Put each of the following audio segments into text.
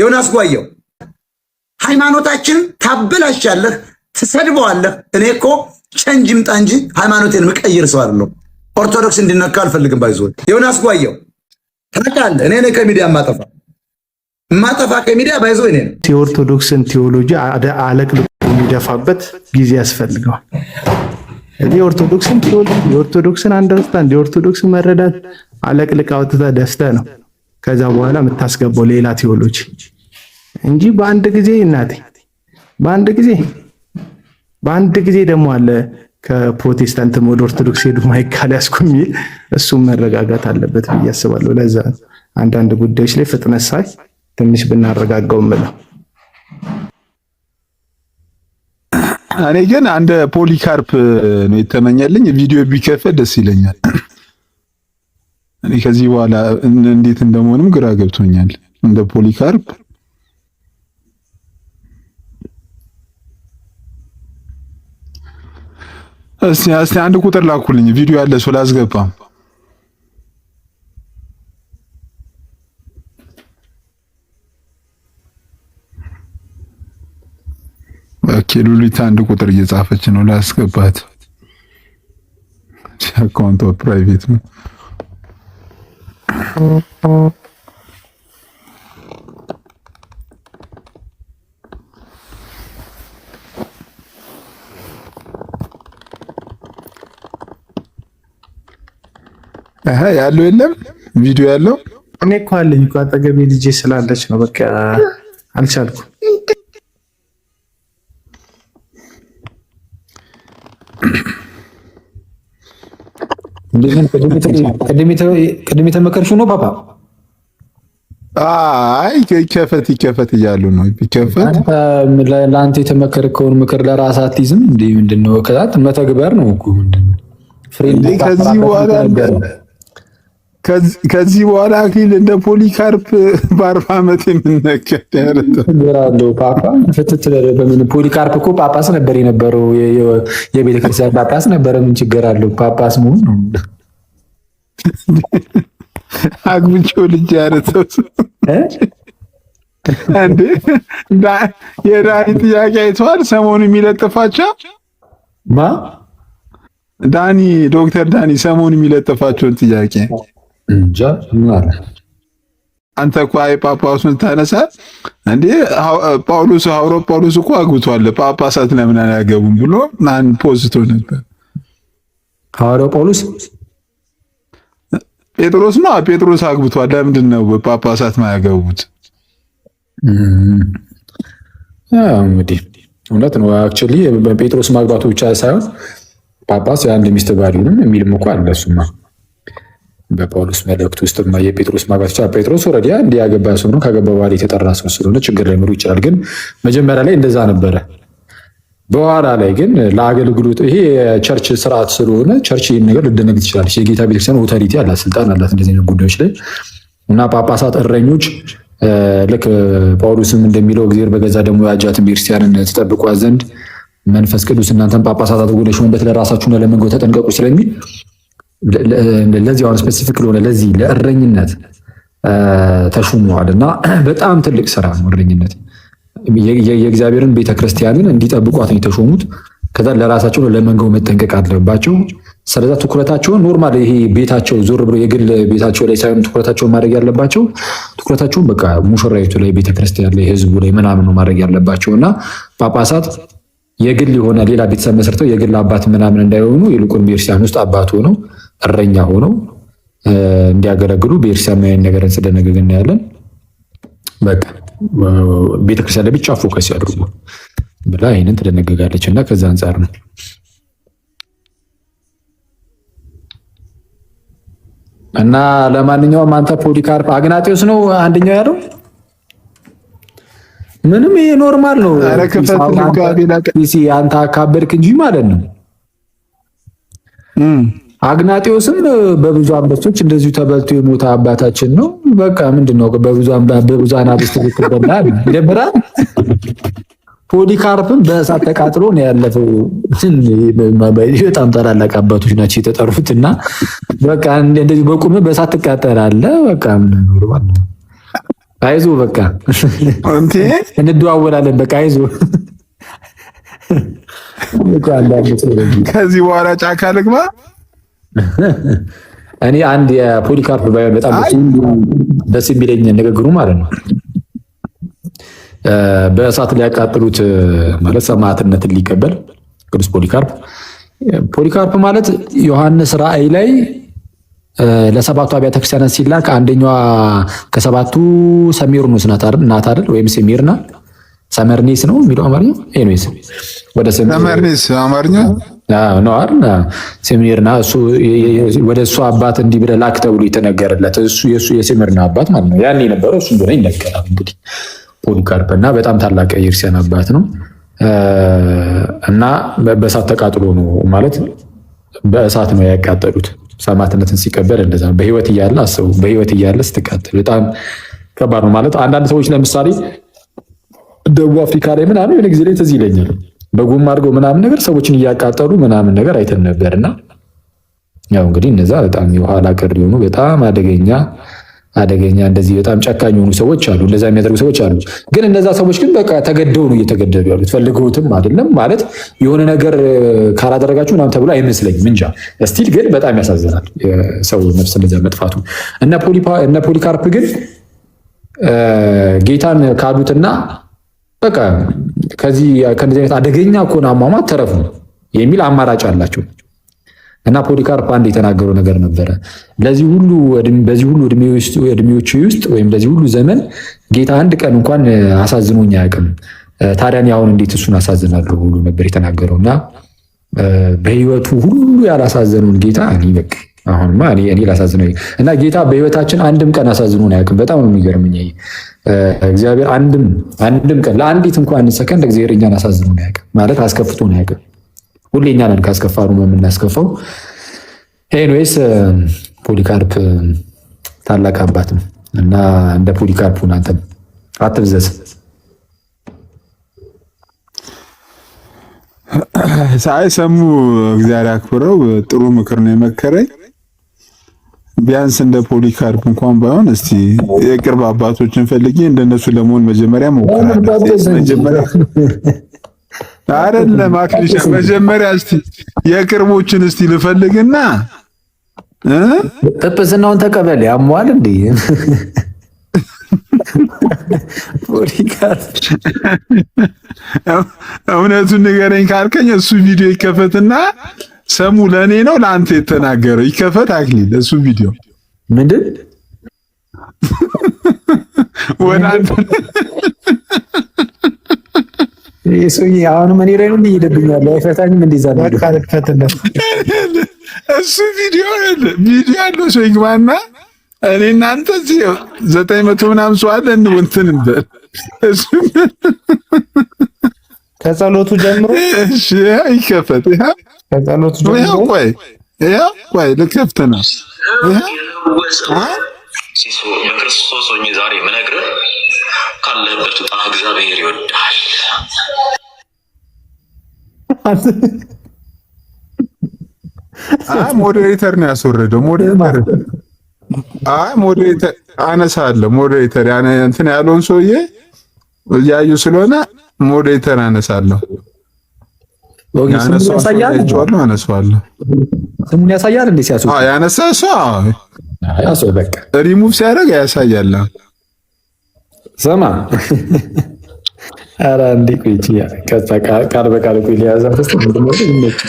የሆነ አስጓየው ሃይማኖታችን ታበላሻለህ፣ ትሰድበዋለህ። እኔ እኮ ቸንጅ ምጣ እንጂ ሃይማኖቴን ምቀይር ሰው አይደለሁ። ኦርቶዶክስ እንዲነካ አልፈልግም። ባይዞ የሆነ አስጓየው ታቃለ እኔ ነ ከሚዲያ ማጠፋ ማጠፋ ከሚዲያ ባይዞ እኔ ነ የኦርቶዶክስን ቴዎሎጂ አለቅልቆ የሚደፋበት ጊዜ ያስፈልገዋል። እዚህ ኦርቶዶክስን ቴዎሎጂ፣ የኦርቶዶክስን አንደርስታንድ፣ የኦርቶዶክስን መረዳት አለቅልቃ አውጥተህ ደፍተህ ነው ከዛ በኋላ የምታስገባው ሌላ ቴዎሎጂ እንጂ በአንድ ጊዜ እናቴ በአንድ ጊዜ በአንድ ጊዜ ደግሞ አለ ከፕሮቴስታንትም ወደ ኦርቶዶክስ ሄዱ ማይካል ያስኩ የሚል እሱም መረጋጋት አለበት ብዬ አስባለሁ። ለዛ አንዳንድ ጉዳዮች ላይ ፍጥነት ሳይ ትንሽ ብናረጋጋው ምለው። እኔ ግን አንድ ፖሊካርፕ ነው የተመኘልኝ ቪዲዮ ቢከፈል ደስ ይለኛል። እኔ ከዚህ በኋላ እንዴት እንደመሆንም ግራ ገብቶኛል። እንደ ፖሊካርፕ እስቲ እስቲ አንድ ቁጥር ላኩልኝ ቪዲዮ ያለ ሰው ላስገባ። ኦኬ ሉሊት አንድ ቁጥር እየጻፈች ነው፣ ላስገባት። አካውንቷ ፕራይቬት ነው። ያለው የለም ቪዲዮ ያለው እኔ እኮ አለኝ እኮ አጠገቤ ልጄ ስላለች ነው። በቃ አልቻልኩም። ቅድም የተመከርሽው ነው ፓፓ? አይ ይከፈት ይከፈት እያሉ ነው። ይከፈት ለአንተ የተመከርከውን ምክር ለራስ አትይዝም እንዴ? ምንድን ነው መተግበር ነው እኮ ምንድን ነው ፍሬ ከዚህ በኋላ ከዚህ በኋላ አክሊል እንደ ፖሊካርፕ በአርባ ዓመት የምነገድ ያለው ፓፓ ፍትት ፖሊካርፕ እኮ ጳጳስ ነበር የነበረው፣ የቤተክርስቲያን ጳጳስ ነበረ። ምን ችግር አለው? ጳጳስ መሆን ነው። አግብቼ ልጅ ያረተው እንዴ የዳኒ ጥያቄ አይተዋል? ሰሞኑ የሚለጥፋቸው ማ ዳኒ ዶክተር ዳኒ ሰሞኑ የሚለጥፋቸውን ጥያቄ እንጃ ምን አንተ እኮ አይ ጳጳሱን ታነሳ እንዴ? ጳውሎስ አውሮ ጳውሎስ እኮ አግብቷል፣ ጳጳሳት ለምን አያገቡም ብሎ ማን ፖስቶ ነበር? አውሮ ጳውሎስ ጴጥሮስ ነው። ጴጥሮስ አግብቷል። ለምንድን ነው ጳጳሳት ማያገቡት? እንግዲህ እውነት ነው። አክቹሊ ጴጥሮስ ማግባቱ ብቻ ሳይሆን ጳጳስ የአንድ ሚስት ባል የሚልም እኮ አለ እሱማ በጳውሎስ መልእክት ውስጥ የጴጥሮስ ማግባት ጴጥሮስ ወረዲ እንዲ ያገባ ሰው ነው። ከገባ በኋላ የተጠራ ሰው ስለሆነ ችግር ላይኖሩ ይችላል። ግን መጀመሪያ ላይ እንደዛ ነበረ። በኋላ ላይ ግን ለአገልግሎት ይሄ የቸርች ስርዓት ስለሆነ ቸርች ይህን ነገር ልደነግ ትችላለች። የጌታ ቤተክርስቲያን ኦቶሪቲ አላት፣ ስልጣን አላት እንደዚህ አይነት ጉዳዮች ላይ እና ጳጳሳት፣ እረኞች ልክ ጳውሎስም እንደሚለው እግዚአብሔር በገዛ ደግሞ ያጃትን ቤተክርስቲያንን ትጠብቋ ዘንድ መንፈስ ቅዱስ እናንተን ጳጳሳት አድርጎ ለሾመበት ለራሳችሁና ለመንጋው ተጠንቀቁ ስለሚል ለዚህ አሁን ስፔሲፊክ ለሆነ ለዚህ ለእረኝነት ተሹመዋል እና በጣም ትልቅ ስራ ነው እረኝነት። የእግዚአብሔርን ቤተክርስቲያንን እንዲጠብቋት ነው የተሾሙት። ከዛ ለራሳቸው ለመንገው መጠንቀቅ አለባቸው። ስለዛ ትኩረታቸውን ኖርማል ይሄ ቤታቸው ዞር ብሎ የግል ቤታቸው ላይ ሳይሆን ትኩረታቸውን ማድረግ ያለባቸው ትኩረታቸውን በቃ ሙሽራይቱ ላይ፣ ቤተክርስቲያን ላይ፣ ህዝቡ ላይ ምናምን ነው ማድረግ ያለባቸው እና ጳጳሳት የግል የሆነ ሌላ ቤተሰብ መስርተው የግል አባት ምናምን እንዳይሆኑ ይልቁን ቤተክርስቲያን ውስጥ አባት ሆነው እረኛ ሆነው እንዲያገለግሉ ቤተክርስቲያን ነገርን ስደነግግ እናያለን። በቃ ቤተክርስቲያን ለብቻ ፎከስ ያድርጉ ብላ ይህንን ትደነግጋለች እና ከዛ አንጻር ነው እና ለማንኛውም አንተ ፖሊካርፕ አግናጤዎስ ነው አንደኛው ያለው ምንም ይሄ ኖርማል ነው። አንተ አካበድክ እንጂ ማለት ነው አግናጢዎስም በብዙ አንበሶች እንደዚሁ ተበልቶ የሞተ አባታችን ነው። በቃ ምንድን ነው በብዙ አናብስት በላ ፖሊካርፕም በእሳት ተቃጥሎ ነው ያለፈው። በጣም ታላላቅ አባቶች ናቸው የተጠሩት እና በቃ እንደዚህ በቁም በእሳት ትቃጠላለህ። በቃ አይዞ፣ በቃ እንደዋወላለን። በቃ አይዞ ከዚህ በኋላ ጫካ ልግባ እኔ አንድ የፖሊካርፕ ባይሆን በጣም ደስ የሚለኝ ንግግሩ ማለት ነው በእሳት ሊያቃጥሉት ማለት ሰማዕትነትን ሊቀበል ቅዱስ ፖሊካርፕ። ፖሊካርፕ ማለት ዮሐንስ ራእይ ላይ ለሰባቱ አብያተ ክርስቲያናት ሲላክ አንደኛዋ ከሰባቱ ሰሚርኑስ ናት አይደል? ወይም ሰሚርና ሰመርኒስ ነው የሚለው አማርኛ። ኤኒዌይስ ወደ ሰመርኒስ አማርኛ ነዋርና ሴሚርና ወደ እሱ አባት እንዲህ ብለህ ላክ ተብሎ የተነገረለት የእሱ የሴሚርና አባት ማለት ነው። ያኔ የነበረው እሱ እንደሆነ ይነገራል። እንግዲህ ፖሊካርፕ እና በጣም ታላቅ የኢርስያን አባት ነው እና በእሳት ተቃጥሎ ነው ማለት በእሳት ነው ያቃጠሉት። ሰማዕትነትን ሲቀበል እንደዛ ነው። በህይወት እያለ አስቡ፣ በህይወት እያለ ስትቃጥል በጣም ከባድ ነው ማለት አንዳንድ ሰዎች ለምሳሌ ደቡብ አፍሪካ ላይ ምናምን የሆነ ጊዜ ላይ ትዝ ይለኛል በጎማ አድርገው ምናምን ነገር ሰዎችን እያቃጠሉ ምናምን ነገር አይተን ነበር እና ያው እንግዲህ እነዛ በጣም የኋላ ቀር የሆኑ በጣም አደገኛ አደገኛ እንደዚህ በጣም ጨካኝ የሆኑ ሰዎች አሉ። እንደዛ የሚያደርጉ ሰዎች አሉ። ግን እነዛ ሰዎች ግን በቃ ተገደው ነው እየተገደሉ ያሉት፣ ፈልገውትም አይደለም ማለት የሆነ ነገር ካላደረጋችሁ ምናምን ተብሎ አይመስለኝም። እንጃ ስቲል ግን በጣም ያሳዝናል ሰው ነፍስ እንደዚያ መጥፋቱ። እነ ፖሊካርፕ ግን ጌታን ካዱትና በቃ ከዚህ ከእንደዚህ አይነት አደገኛ ከሆነ አሟሟት ተረፉ የሚል አማራጭ አላቸው። እና ፖሊካርፕ አንድ የተናገረው ነገር ነበረ። ለዚህ ሁሉ በዚህ ሁሉ እድሜዎች ውስጥ ወይም ለዚህ ሁሉ ዘመን ጌታ አንድ ቀን እንኳን አሳዝኖኝ አያውቅም፣ ታዲያን አሁን እንዴት እሱን አሳዝናለሁ ሁሉ ነበር የተናገረው። እና በህይወቱ ሁሉ ያላሳዘኑን ጌታ እኔ አሁንማ እኔ ላሳዝነው እና ጌታ በህይወታችን አንድም ቀን አሳዝኖን አያውቅም። በጣም የሚገርምኝ እግዚአብሔር አንድም አንድም ቀን ለአንዲት እንኳን ሰከንድ እግዚአብሔር እኛን አሳዝኖ ነው አያውቅም፣ ማለት አስከፍቶ ነው አያውቅም። ሁሌ እኛ ነን ካስከፋ ነው የምናስከፋው። ኤኒዌይስ ፖሊካርፕ ታላቅ አባት ነው እና እንደ ፖሊካርፕ እናንተ አትብዘዝ። ሳይሰሙ እግዚአብሔር አክብረው ጥሩ ምክር ነው የመከረኝ። ቢያንስ እንደ ፖሊካርፕ እንኳን ባይሆን እስቲ የቅርብ አባቶችን ፈልጌ እንደነሱ ለመሆን መጀመሪያ ሞክራለሁ። መጀመሪያ አይደለም አክሊሽ መጀመሪያ እስቲ የቅርቦችን እስቲ ልፈልግና ጵጵስናውን ተቀበል። ያሟል እንዴ ፖሊካርፕ እውነቱን ንገረኝ ካልከኝ እሱ ቪዲዮ ይከፈትና ሰሙ ለእኔ ነው ለአንተ የተናገረው። ይከፈት አክሊል እሱ ቪዲዮ ምንድን ወደ አንተ ሰውዬ አሁንም ምን ላይ ነው ይሄድብኛል። አይፈታኝም። እንደዛ ነው እሱ ቪዲዮ ቪዲዮ አለው ሰው ይግባና እኔ እናንተ እዚህ ዘጠኝ መቶ ምናምን ሰው አለ እንትን እንበል እሱ ከጸሎቱ ጀምሮ እሺ፣ ይከፈት። ከጸሎቱ ጀምሮ ቆይ፣ ቆይ፣ ልከፍት ነው። በክርስቶስ ሆኜ ዛሬ ምነግርህ ካለበት ውጣ፣ እግዚአብሔር ይወዳል አይ ሞዴሬተር ነው ያስወረደው። ሞዴሬተር አይ ሞዴሬተር አነሳለሁ። ሞዴሬተር እንትን ያለውን ሰውዬ እያዩ ስለሆነ ሞዴተር አነሳለሁ። ስሙን ያሳያል እንዴ? ሲያሱ ያነሳ በቃ ሪሙቭ ሲያደርግ ያሳያል። ስማ ኧረ እንዴ ቃል በቃል ይመጭ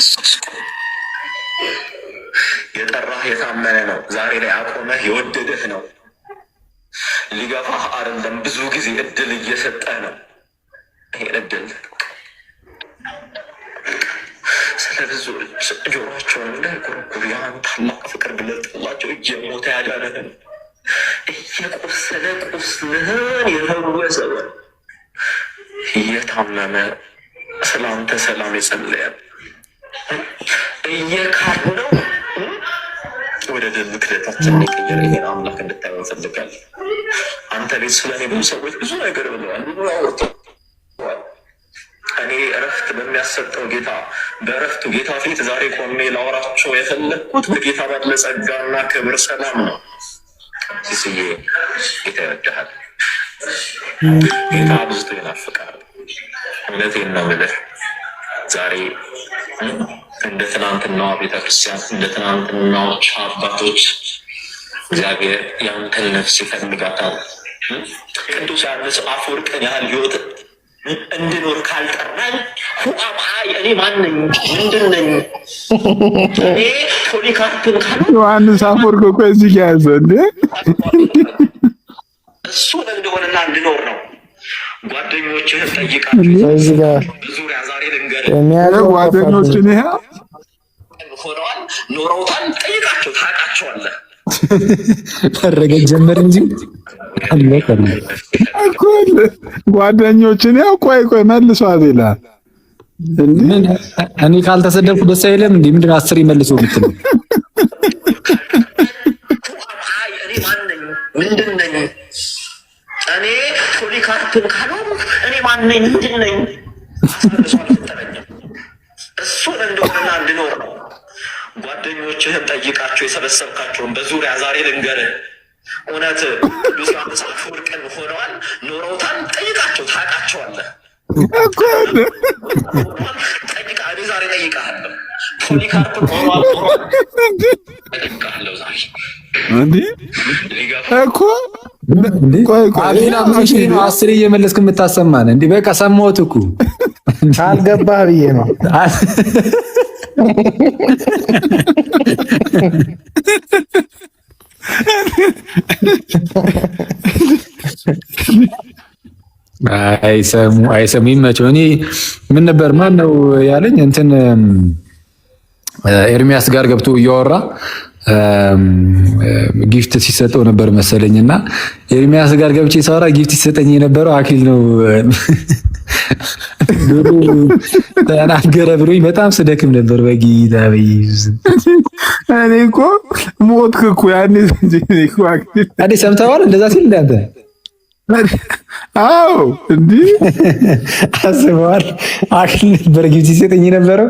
የጠራህ የታመነ ነው። ዛሬ ላይ አቆመህ የወደደህ ነው ሊገፋ አይደለም። ብዙ ጊዜ እድል እየሰጠ ነው። ይሄ እድል ስለ ብዙዎች ጆሯቸውን እንዳይኮረኩሩ ያን ታላቅ ፍቅር ብለጥላቸው እየሞተ ያዳነህን እየቆሰለ ቁስልህን የፈወሰው እየታመመ ስላንተ ሰላም የጸለያል እየካድነው ወደ ድል ምክንያታችን የሚቀየር ይሄን አምላክ እንድታየው እንፈልጋለን። አንተ ቤት ስለኔ ብዙ ሰዎች ብዙ ነገር ብለዋል፣ ብዙ እኔ እረፍት በሚያሰጠው ጌታ በእረፍቱ ጌታ ፊት ዛሬ ቆሜ ላወራቸው የፈለግኩት በጌታ ባለ ጸጋና ክብር ሰላም ነው። ሲስዬ ጌታ ይወድሃል። ጌታ ብዙ ይናፍቃል። እውነቴን ነው የምልህ ዛሬ እንደ ትናንትናዋ ቤተክርስቲያን እንደ ትናንትናዎች አባቶች እግዚአብሔር ያንተን ነፍስ ይፈልጋታል። ቅዱስ ዮሐንስ አፈወርቅን ያህል ህይወት እንድኖር ካልጠራኝ ሁአም እኔ ማነኝ? ምንድን ነኝ? እኔ ፖሊካርፕን ዮሐንስ አፈወርቅ እኮ እዚህ ያዘ እሱ ለእንደሆነና እንድኖር ነው ጓደኞችህን ጠይቃቸው። ጓደኞችን ጀመር እንጂ ጓደኞችን ያው ቆይ ቆይ መልሷት ይላል። እኔ ካልተሰደብኩ ደስ አይልም። እንዲህ ምንድን አስር ይመልሶ ምትል ምንድን ነኝ እኔ ፖሊካርፕን ካልሆኑ እኔ ማነኝ? ምንድን ነኝ? እሱን እንደሆነና እንድኖር ነው። ጓደኞችህን ጠይቃቸው የሰበሰብካቸውን በዙሪያ ዛሬ ልንገርህ፣ እውነት ሉሲያንስ አፈወርቅን ሆነዋል ኖረውታን ጠይቃቸው፣ ታውቃቸዋለህ። እኮ አስር እየመለስክ የምታሰማን እንዲህ በቃ ሰማሁት እኮ አልገባህ ብዬ ነው። አይሰሙ አይሰሙ ይመቸው። እኔ ምን ነበር ማን ነው ያለኝ እንትን ኤርሚያስ ጋር ገብቶ እያወራ ጊፍት ሲሰጠው ነበር መሰለኝ እና ኤርሚያስ ጋር ገብቼ ሳወራ ጊፍት ሲሰጠኝ የነበረው አክሊል ነው ተናገረ ብሎኝ በጣም ስደክም ነበር። በጌታ እኔ እኮ ሞትክ እኮ ያኔ ሰምተዋል። እንደዛ ሲል እንዳንተ አዎ፣ እንዲህ አስበዋል። አክሊል ነበር ጊፍት ሲሰጠኝ የነበረው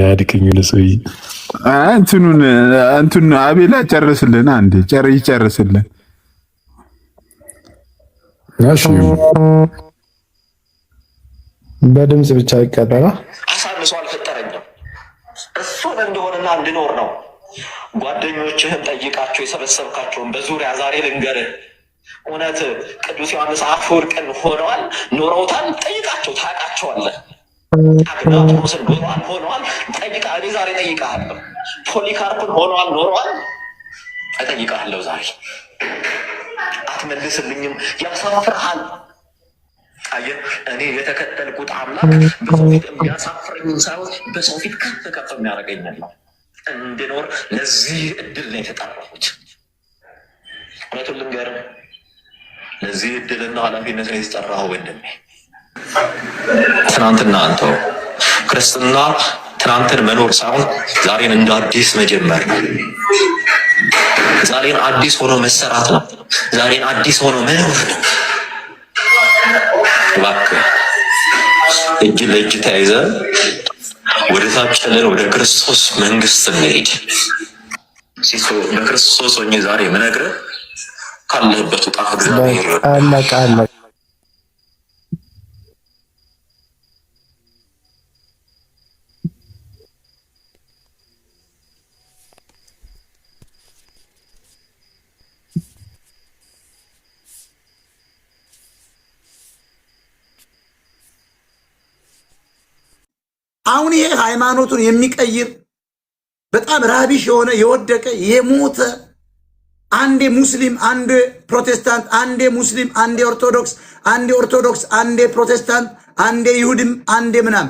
ያድቅኝ ንጹይ እንትኑን እንትኑ አቤላ ጨርስልን፣ አንዴ ጨር ይጨርስልን። በድምጽ ብቻ ይቀራል። አሳንሶ አልፈጠረኝም። እሱን እንደሆነና እንድኖር ነው። ጓደኞችህን ጠይቃቸው የሰበሰብካቸውን በዙሪያ ዛሬ ልንገርህ፣ እውነት ቅዱስ ዮሐንስ አፈወርቅን ሆነዋል ኖረውታል። ጠይቃቸው ታውቃቸዋለህ። አግናት ሞስን ሆኗል ሆኗል ጠይቃ እኔ ዛሬ ጠይቃለሁ። ፖሊካርፕን ሆኗል ኖሯል እጠይቃለሁ ዛሬ አትመልስልኝም። ያሳፍርሃል። አየ እኔ የተከተልኩት አምላክ በሰው ፊት የሚያሳፍረኝን ሳይሆን በሰው ፊት ከፍ ከፍ የሚያደርገኛል እንድኖር ለዚህ እድል ነው የተጠራሁት። እውነቱን ልንገርም ለዚህ እድልና ኃላፊነት ነው የተጠራሁ ወንድሜ ትናንትና አንተው ክርስትና ትናንትን መኖር ሳይሆን ዛሬን እንደ አዲስ መጀመር ነው። ዛሬን አዲስ ሆኖ መሰራት ነው። ዛሬን አዲስ ሆኖ መኖር ነው። እባክህ እጅ ለእጅ ተያይዘ ወደ ታች ጥለን ወደ ክርስቶስ መንግስት እንሄድ። ሲሶ በክርስቶስ ሆኜ ዛሬ ምነግርህ ካለህበት ውጣ እግዚአብሔር አሁን ይሄ ሃይማኖቱን የሚቀይር በጣም ራቢሽ የሆነ የወደቀ የሞተ አንዴ ሙስሊም አንዴ ፕሮቴስታንት አንዴ ሙስሊም አንዴ ኦርቶዶክስ አንዴ ኦርቶዶክስ አንዴ ፕሮቴስታንት አንዴ ይሁድም አንዴ ምናም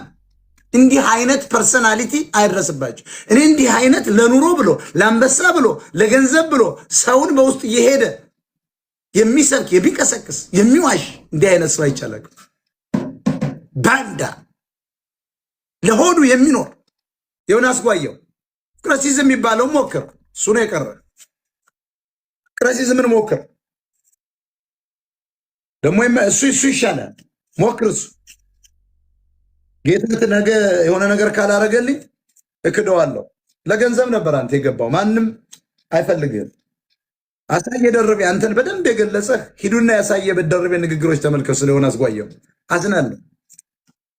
እንዲህ አይነት ፐርሰናሊቲ አይድረስባቸው። እኔ እንዲህ አይነት ለኑሮ ብሎ ለአንበሳ ብሎ ለገንዘብ ብሎ ሰውን በውስጥ እየሄደ የሚሰብክ የሚቀሰቅስ የሚዋሽ እንዲህ አይነት ሰው አይቻላቅም ባንዳ ለሆዱ የሚኖር የሆነ አስጓየው ቅረሲዝም የሚባለው ሞክር። እሱ ነው የቀረ። ቅረሲዝምን ሞክር ደግሞ እሱ እሱ ይሻላል። ሞክር እሱ ጌትነት ነገ የሆነ ነገር ካላረገልኝ እክደዋለሁ። ለገንዘብ ነበር አንተ የገባው። ማንም አይፈልግህም። አሳየ ደርቤ አንተን በደንብ የገለጸህ ሂዱና ያሳየ ደርቤ ንግግሮች ተመልከቱ። ስለሆነ አስጓየው አዝናለሁ።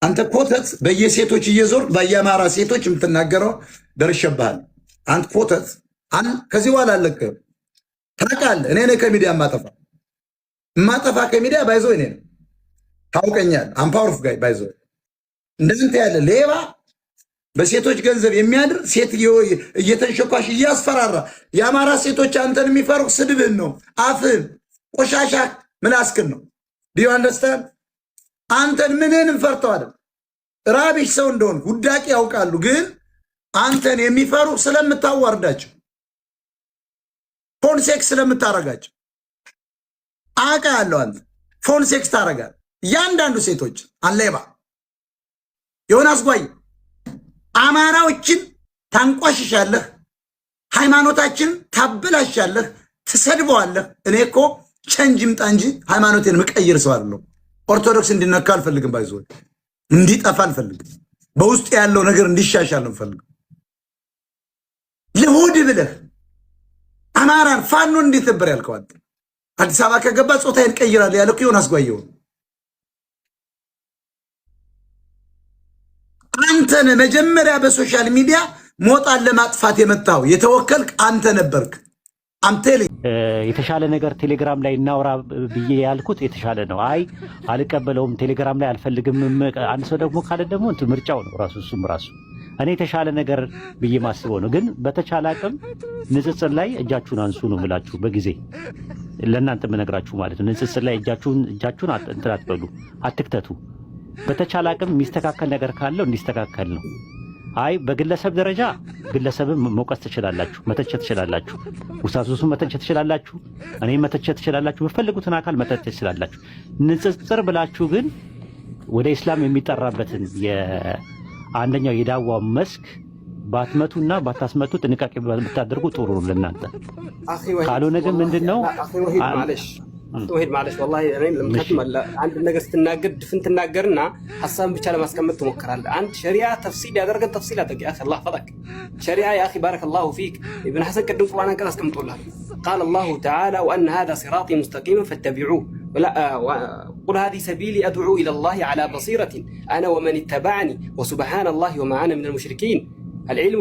አንተ ኮተት በየሴቶች እየዞር በየአማራ ሴቶች የምትናገረው ደርሸባል። አንተ ኮተት አን ከዚህ በኋላ አለቀ ታቃል። እኔ ነኝ ከሚዲያ የማጠፋ የማጠፋ ከሚዲያ ባይዞ እኔ ነው። ታውቀኛል። አምፓወርፍ ጋይ ባይዞ እንደንተ ያለ ሌባ በሴቶች ገንዘብ የሚያድር ሴት እየተንሸኳሽ እያስፈራራ የአማራ ሴቶች አንተን የሚፈሩ ስድብህን ነው፣ አፍህን ቆሻሻ ምላስክን ነው ዲዩ አንደርስታንድ አንተን ምንን እንፈርተዋለን? ራቢሽ ሰው እንደሆን ውዳቂ ያውቃሉ። ግን አንተን የሚፈሩ ስለምታዋርዳቸው፣ ፎንሴክስ ስለምታረጋቸው አቃ ያለው አንተ ፎንሴክስ ታረጋል። እያንዳንዱ ሴቶች አለባ የሆነ አስጓይ አማራዎችን ታንቋሽሻለህ፣ ሃይማኖታችንን ታበላሻለህ፣ ትሰድበዋለህ። እኔ እኮ ቸንጅ ምጣ እንጂ ሃይማኖቴን ምቀይር ሰው አይደለሁም። ኦርቶዶክስ እንዲነካ አልፈልግም። ባይዞ እንዲጠፋ አልፈልግም። በውስጥ ያለው ነገር እንዲሻሻል ነው ፈልግ ለሆድ ብለህ አማራን ፋኖ እንዴት ነበር ያልከው? አዲስ አበባ ከገባ ጾታዬን ቀይራለሁ ያለው ዮናስ አስጓየው አንተነ መጀመሪያ በሶሻል ሚዲያ ሞጣን ለማጥፋት የመጣው የተወከልክ አንተ ነበርክ። አምቴል የተሻለ ነገር ቴሌግራም ላይ እናውራ ብዬ ያልኩት የተሻለ ነው። አይ አልቀበለውም፣ ቴሌግራም ላይ አልፈልግም። አንድ ሰው ደግሞ ካለ ደግሞ ምርጫው ነው ራሱ እሱም ራሱ እኔ የተሻለ ነገር ብዬ ማስበው ነው። ግን በተቻለ አቅም ንጽጽር ላይ እጃችሁን አንሱ ነው ምላችሁ በጊዜ ለእናንተ የምነግራችሁ ማለት ነው። ንጽጽር ላይ እጃችሁን እንትን አትበሉ፣ አትክተቱ። በተቻለ አቅም የሚስተካከል ነገር ካለው እንዲስተካከል ነው። አይ በግለሰብ ደረጃ ግለሰብን መውቀስ ትችላላችሁ፣ መተቸት ትችላላችሁ፣ ውሳት መተቸ መተቸት ትችላላችሁ፣ እኔ መተቸት ትችላላችሁ፣ በፈልጉትን አካል መተቸት ትችላላችሁ። ንጽጽር ብላችሁ ግን ወደ ኢስላም የሚጠራበትን አንደኛው የዳዋ መስክ እና ባታስመቱ ጥንቃቄ ብታደርጉ ጥሩ ነው ለእናንተ። ካልሆነ ግን ምንድን ነው ትሄድ ማለች። ወላሂ እኔም ለምታትም አለ አንድ ነገር ስትናገር ድፍን ትናገርና ሀሳብን ብቻ ለማስቀመጥ ትሞክራለህ። አንድ ሸሪዓ ተፍሲል ያደረገን ተፍሲል አድርግ። ያ አላህ ፈዳክ ሸሪዓ ያ ባረከ ላሁ ፊክ። ኢብን ሐሰን ቅድም ቁርአን አንቀጽ አስቀምጦላል። ቃለ ላሁ ተዓላ ወአነ ሃዛ ሲራጢ ሙስተቂመን ፈተቢዑሁ ቁል ሃዚህ ሰቢሊ አድዑ ኢለላሂ ዐላ በሲረቲን አነ ወመን ኢተበዐኒ ወሱብሓነላሂ ወማ አነ ሚነል ሙሽሪኪን አልዲኑ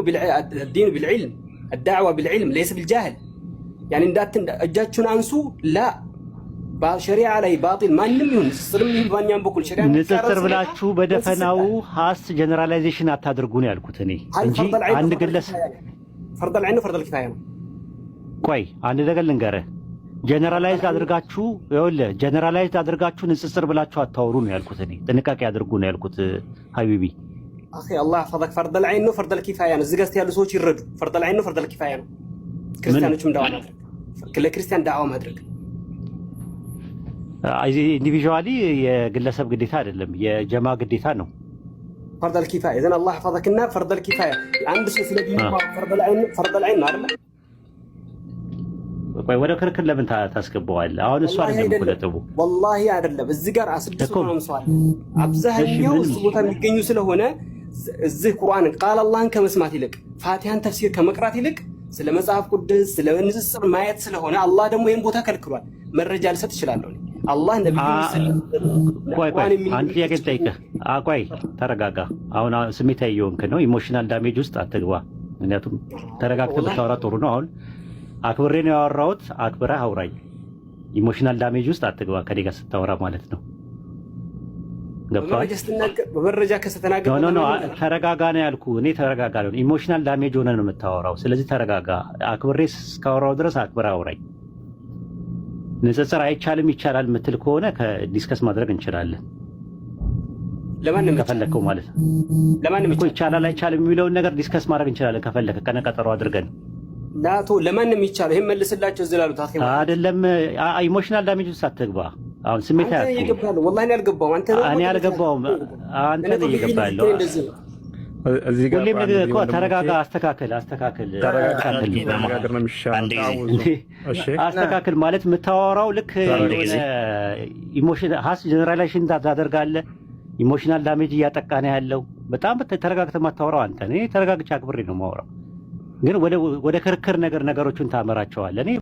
ቢልዕልም አዳዕዋ ቢልዕልም ለይሰ ቢልጃህል። ያኔ እንዳት እጃችሁን አንሱ ላ በሸሪዓ ላይ ባጢል ማንም ይሁን ስልም ይሁን ባኛም በኩል ሸሪዓ ንጽጽር ብላችሁ በደፈናው ሀስ ጀነራላይዜሽን አታድርጉ ነው ያልኩት እኔ እንጂ አንድ ግለሰብ ፈርደል ዐይን ፈርደል ኪፋያ ነው። ቆይ አንድ ነገር ልንገርህ፣ ጀነራላይዝ አድርጋችሁ ይኸውልህ፣ ጀነራላይዝ አድርጋችሁ ንጽጽር ብላችሁ አታወሩ ነው ያልኩት እኔ። ጥንቃቄ አድርጉ ነው ያልኩት ሀቢቢ አኺ አላህ ፈርደል ፈርደል ዐይን ነው ፈርደል ኪፋያ ነው። እዚህ ጋር ያሉ ሰዎች ይረዱ። ፈርደል ዐይን ነው ፈርደል ኪፋያ ነው። ክርስቲያኖችም ዳዋ ማድረግ ለክርስቲያን ዳዋ ማድረግ ኢንዲቪዥዋሊ የግለሰብ ግዴታ አይደለም፣ የጀማ ግዴታ ነው። ፈርደል ኪፋያ ዘን አላህ ፈዘክና ፈርደል ኪፋያ አንድ ሰው ስለ ዲኑ ፈርደል ዐይን ነው ቆይ ወደ ክርክር ለምን ታስገባዋለህ? አሁን እሱ አይደለም እኮ ነጥቡ። ወላሂ አይደለም። እዚህ ጋር አስድስት ሆኖ ምሰዋል። አብዛኛው እሱ ቦታ የሚገኙ ስለሆነ እዚህ ቁርአንን ቃል አላህን ከመስማት ይልቅ ፋቲሃን ተፍሲር ከመቅራት ይልቅ ስለ መጽሐፍ ቅዱስ ስለ ንጽጽር ማየት ስለሆነ አላህ ደግሞ ይህን ቦታ ከልክሏል። መረጃ ልሰጥ እችላለሁ አላህ ነብዩ አንድ ጥያቄ ልጠይቅህ። አቋይ ተረጋጋ። አሁን ስሜት የሆንክ ነው። ኢሞሽናል ዳሜጅ ውስጥ አትግባ። ምክንያቱም ተረጋግተህ ብታወራ ጥሩ ነው። አሁን አክብሬ ነው ያወራሁት። አክብረህ አውራኝ። ኢሞሽናል ዳሜጅ ውስጥ አትግባ፣ ከኔ ጋር ስታወራ ማለት ነው። ገብቶሃል? በመረጃ ከስተናገ ተረጋጋ ነው ያልኩ። እኔ። ተረጋጋ ነው ኢሞሽናል ዳሜጅ ሆነ ነው የምታወራው። ስለዚህ ተረጋጋ። አክብሬ እስካወራሁ ድረስ አክብረህ አውራኝ። ንጽጽር አይቻልም ይቻላል ምትል ከሆነ ከዲስከስ ማድረግ እንችላለን። ከፈለግከው ማለት ነው። ለማንም ይቻላል አይቻልም የሚለውን ነገር ዲስከስ ማድረግ እንችላለን። ከፈለከ ቀነቀጠሮ አድርገን ዳቶ ለማንም ይቻላል። ይሄን መልስላቸው ዝላሉ ላሉት አይደለም ኢሞሽናል ዳሜጅ ውስጥ አትግባ። አሁን ስሜት ያልገባው አንተ እኔ አልገባውም አንተ ነው ሁሌም እኮ ተረጋጋ፣ አስተካክል፣ አስተካክል፣ አስተካክል ማለት የምታወራው ልክ ሀስ ጀነራላይሽን ታደርጋለህ። ኢሞሽናል ዳሜጅ እያጠቃ ነው ያለው። በጣም ተረጋግተህ የማታወራው አንተ። እኔ ተረጋግቼ አክብሬ ነው የማወራው፣ ግን ወደ ክርክር ነገር ነገሮቹን ታመራቸዋለህ።